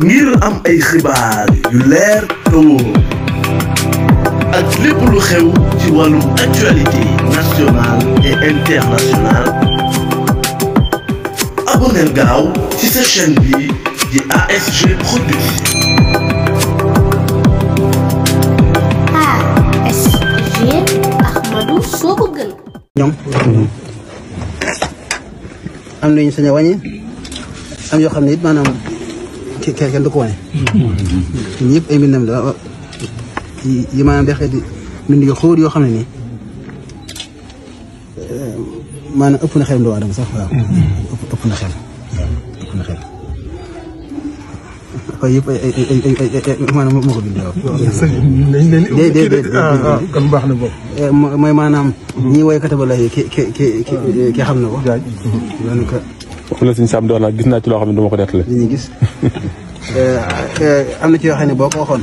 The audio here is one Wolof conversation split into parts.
ngir am ay xibaar yu leer te wóor lu actualité nationale et internationale Abonnez-vous ci cette chaîne bi di ASG produit ASG Ahmadou kenn du ko wane. ñëpp ay mbindam la yi maanaam di mbind yu xóor yoo xam ne nii eh, maanaam ëpp na xel doomu aadama maanaam moo ko bindee waaw. kon eh, mooy maanaam. ñi woy katabala yi xam na ko. fu la Sam doona gis eh, eh, na ci lo xamne dama ko nettali. ni gis euh amna ci yo xam boko waxone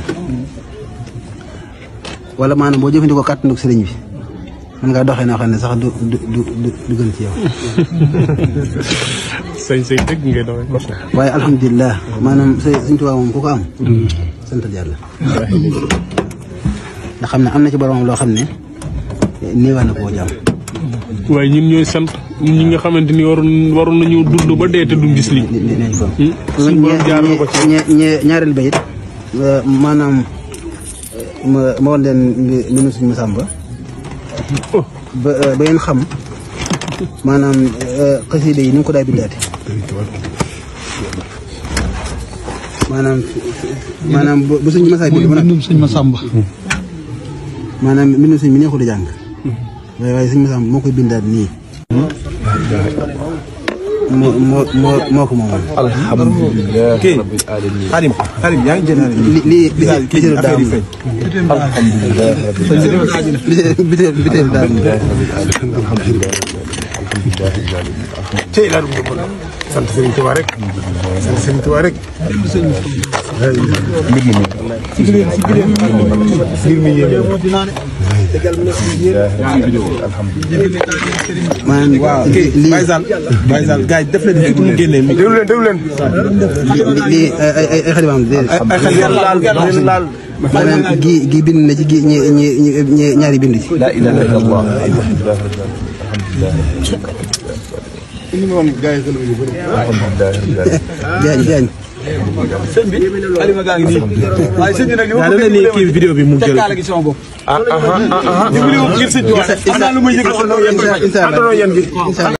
ko waxoon wala maanaam boo jëfandikoo kàttanu sëriñ bi man nga doxé na xam sax du du du du gën ci yow. sëñ sëñ dëgg ngay doxee. waaye alhamdullilah manam sëñ Tuubaa mom ku ko am. Mm. sant yalla da xamne amna ci borom lo xamne ne ko eh, jam koo jàmm. waaye ñun ñooy sant. ñi nga xamante ni waroon waroon nañu dund ba dee te du gis lii. Hmm? suñu borom jaar na ko ci ñaareel ba it euh, maanaam euh, ma ma woon leen lu nu suñu Masamba oh. ba euh, ba ngeen xam maanaam xasida yi ko daa bindaate maanaam maanaam bu suñ masaa bi mbindum suñ Masamba hmm. maanaam mbindum suñ mi neexul jàng hmm. waaye waaye suñ Masamba moo koy bindaat nii moo moo moo moo ko moomoon. alhamdulilah rabbil alamin. Xarim Xarim yaa ngi jënd li li li li daal moom. alhamdulilah rabbil alamin. biteel biteel daal moom. tey laa dugg ba sant Serigne Touba rek. sant Serigne Touba rek. mbir mi mbir mi dëggal mu ne si yéen. alhamdulilah. maa ngi lii Baye Sall. Baye Sall gars yi def leen lii pour mu génnee. déglu leen déglu leen. lii ay ay xarit ay xarit laal laal laal. maanaam gii gii bind na ci gii ñi ñi ñi ñaari bind ci. la ilaha illallah. alhamdulilah. sëñ bi Alima gaa ngi nii waaye sëñ bi nag li a kii vidéo bi mu jël kaala gi sama bopp. ah ah ah, ah, ah. bi am naa lu muy yëg.